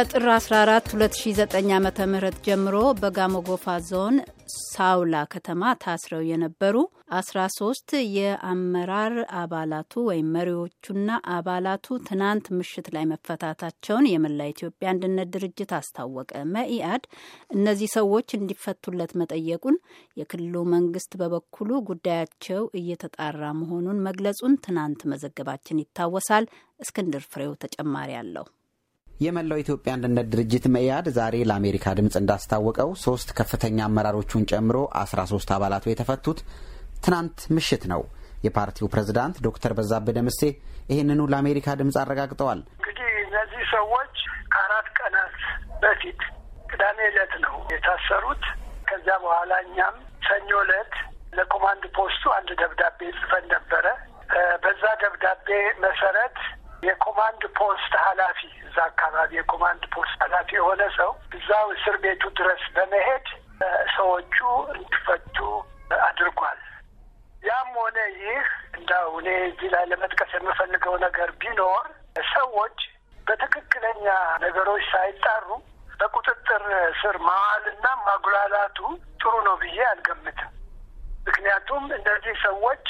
ከጥር 14 2009 ዓ ም ጀምሮ በጋሞጎፋ ዞን ሳውላ ከተማ ታስረው የነበሩ 13 የአመራር አባላቱ ወይም መሪዎቹና አባላቱ ትናንት ምሽት ላይ መፈታታቸውን የመላ ኢትዮጵያ አንድነት ድርጅት አስታወቀ። መኢአድ እነዚህ ሰዎች እንዲፈቱለት መጠየቁን፣ የክልሉ መንግስት በበኩሉ ጉዳያቸው እየተጣራ መሆኑን መግለጹን ትናንት መዘገባችን ይታወሳል። እስክንድር ፍሬው ተጨማሪ አለው። የመላው ኢትዮጵያ አንድነት ድርጅት መኢአድ ዛሬ ለአሜሪካ ድምፅ እንዳስታወቀው ሶስት ከፍተኛ አመራሮቹን ጨምሮ 13 አባላቱ የተፈቱት ትናንት ምሽት ነው። የፓርቲው ፕሬዝዳንት ዶክተር በዛብህ ደምሴ ይህንኑ ለአሜሪካ ድምፅ አረጋግጠዋል። እንግዲህ እነዚህ ሰዎች ከአራት ቀናት በፊት ቅዳሜ ዕለት ነው የታሰሩት። ከዚያ በኋላ እኛም ሰኞ ዕለት ለኮማንድ ፖስቱ አንድ ደብዳቤ ጽፈን ነበረ። በዛ ደብዳቤ መሰረት የኮማንድ ፖስት ኃላፊ እዛ አካባቢ የኮማንድ ፖስት ኃላፊ የሆነ ሰው እዛው እስር ቤቱ ድረስ በመሄድ ሰዎቹ እንዲፈቱ አድርጓል። ያም ሆነ ይህ እንዳው እኔ እዚህ ላይ ለመጥቀስ የምፈልገው ነገር ቢኖር ሰዎች በትክክለኛ ነገሮች ሳይጣሩ በቁጥጥር ስር ማዋልና ማጉላላቱ ጥሩ ነው ብዬ አልገምትም። ምክንያቱም እነዚህ ሰዎች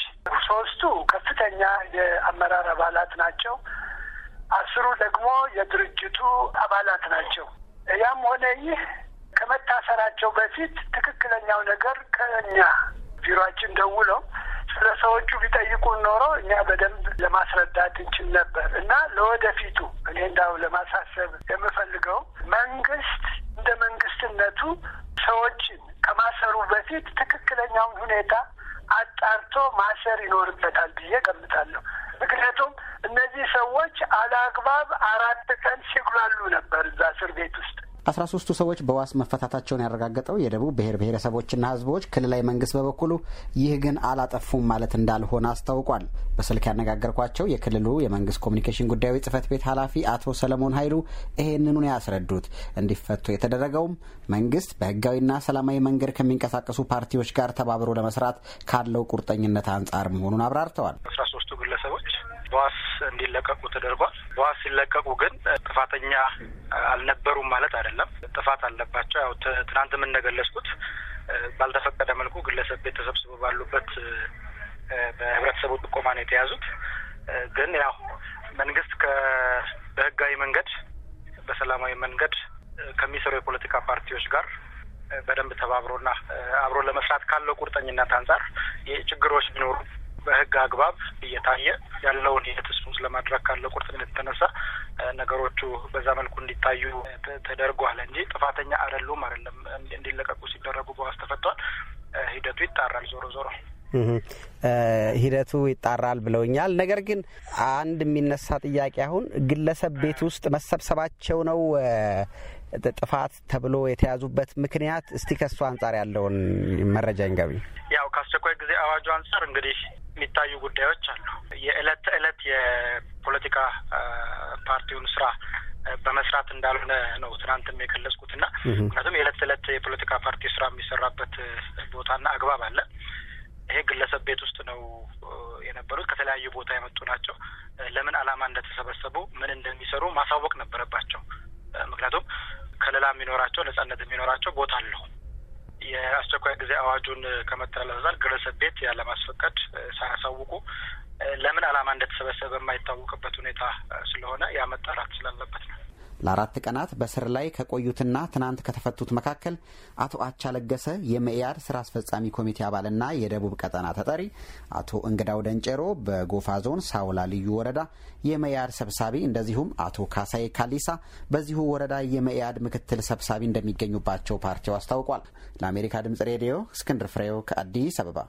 ሶስቱ ከፍተኛ የአመራር አባላት ናቸው። አስሩ ደግሞ የድርጅቱ አባላት ናቸው። ያም ሆነ ይህ ከመታሰራቸው በፊት ትክክለኛው ነገር ከእኛ ቢሮችን ደውለው ስለ ሰዎቹ ቢጠይቁን ኖሮ እኛ በደንብ ለማስረዳት እንችል ነበር እና ለወደፊቱ እኔ እንዳው ለማሳሰብ የምፈልገው መንግስት እንደ መንግስትነቱ ሰዎችን ከማሰሩ በፊት ትክክለኛውን ሁኔታ አጣርቶ ማሰር ይኖርበታል ብዬ ገምታለሁ። ምክንያቱም እነዚህ ሰዎች አላግባብ አራት ቀን ሲጉላሉ ነበር እዛ እስር ቤት ውስጥ። አስራ ሶስቱ ሰዎች በዋስ መፈታታቸውን ያረጋገጠው የደቡብ ብሔር ብሔረሰቦችና ሕዝቦች ክልላዊ መንግስት በበኩሉ ይህ ግን አላጠፉም ማለት እንዳልሆነ አስታውቋል። በስልክ ያነጋገርኳቸው የክልሉ የመንግስት ኮሚኒኬሽን ጉዳዮች ጽህፈት ቤት ኃላፊ አቶ ሰለሞን ኃይሉ ይሄንኑን ያስረዱት እንዲፈቱ የተደረገውም መንግስት በህጋዊና ሰላማዊ መንገድ ከሚንቀሳቀሱ ፓርቲዎች ጋር ተባብሮ ለመስራት ካለው ቁርጠኝነት አንጻር መሆኑን አብራርተዋል። ተደርጓል። በዋስ ሲለቀቁ ግን ጥፋተኛ አልነበሩም ማለት አይደለም። ጥፋት አለባቸው። ያው ትናንትም እንደገለጽኩት ባልተፈቀደ መልኩ ግለሰብ ቤት ተሰብስበው ባሉበት በህብረተሰቡ ጥቆማ ነው የተያዙት። ግን ያው መንግስት በህጋዊ መንገድ በሰላማዊ መንገድ ከሚሰሩ የፖለቲካ ፓርቲዎች ጋር በደንብ ተባብሮና አብሮ ለመስራት ካለው ቁርጠኝነት አንጻር ችግሮች ቢኖሩ በህግ አግባብ እየታየ ያለውን ሂደት እሱን ለማድረግ ካለው ቁርጠኝነት የተነሳ ነገሮቹ በዛ መልኩ እንዲታዩ ተደርጓል እንጂ ጥፋተኛ አይደሉም አይደለም እንዲለቀቁ ሲደረጉ በዋስ ተፈቷል። ሂደቱ ይጣራል። ዞሮ ዞሮ ሂደቱ ይጣራል ብለውኛል። ነገር ግን አንድ የሚነሳ ጥያቄ አሁን ግለሰብ ቤት ውስጥ መሰብሰባቸው ነው ጥፋት ተብሎ የተያዙበት ምክንያት። እስቲ ከሱ አንጻር ያለውን መረጃ ይንገሩኝ። ያው ከአስቸኳይ ጊዜ አዋጁ አንጻር እንግዲህ የሚታዩ ጉዳዮች አሉ። የእለት ተእለት የፖለቲካ ፓርቲውን ስራ በመስራት እንዳልሆነ ነው ትናንትም የገለጽኩትና ምክንያቱም የእለት ተእለት የፖለቲካ ፓርቲ ስራ የሚሰራበት ቦታና አግባብ አለ። ይሄ ግለሰብ ቤት ውስጥ ነው የነበሩት። ከተለያዩ ቦታ የመጡ ናቸው። ለምን አላማ እንደተሰበሰቡ ምን እንደሚሰሩ ማሳወቅ ነበረባቸው። ምክንያቱም ከለላ የሚኖራቸው ነጻነት የሚኖራቸው ቦታ አለው። የአስቸኳይ ጊዜ አዋጁን ከመተላለፍ ጋር ግለሰብ ቤት ያለማስፈቀድ ሳያሳውቁ ለምን ዓላማ እንደተሰበሰበ የማይታወቅበት ሁኔታ ስለሆነ ያ ስላለበት ነው። ለአራት ቀናት በስር ላይ ከቆዩትና ትናንት ከተፈቱት መካከል አቶ አቻ ለገሰ የመኢአድ ስራ አስፈጻሚ ኮሚቴ አባልና የደቡብ ቀጠና ተጠሪ፣ አቶ እንግዳው ደንጨሮ በጎፋ ዞን ሳውላ ልዩ ወረዳ የመኢአድ ሰብሳቢ፣ እንደዚሁም አቶ ካሳዬ ካሊሳ በዚሁ ወረዳ የመኢአድ ምክትል ሰብሳቢ እንደሚገኙባቸው ፓርቲው አስታውቋል። ለአሜሪካ ድምጽ ሬዲዮ እስክንድር ፍሬው ከአዲስ አበባ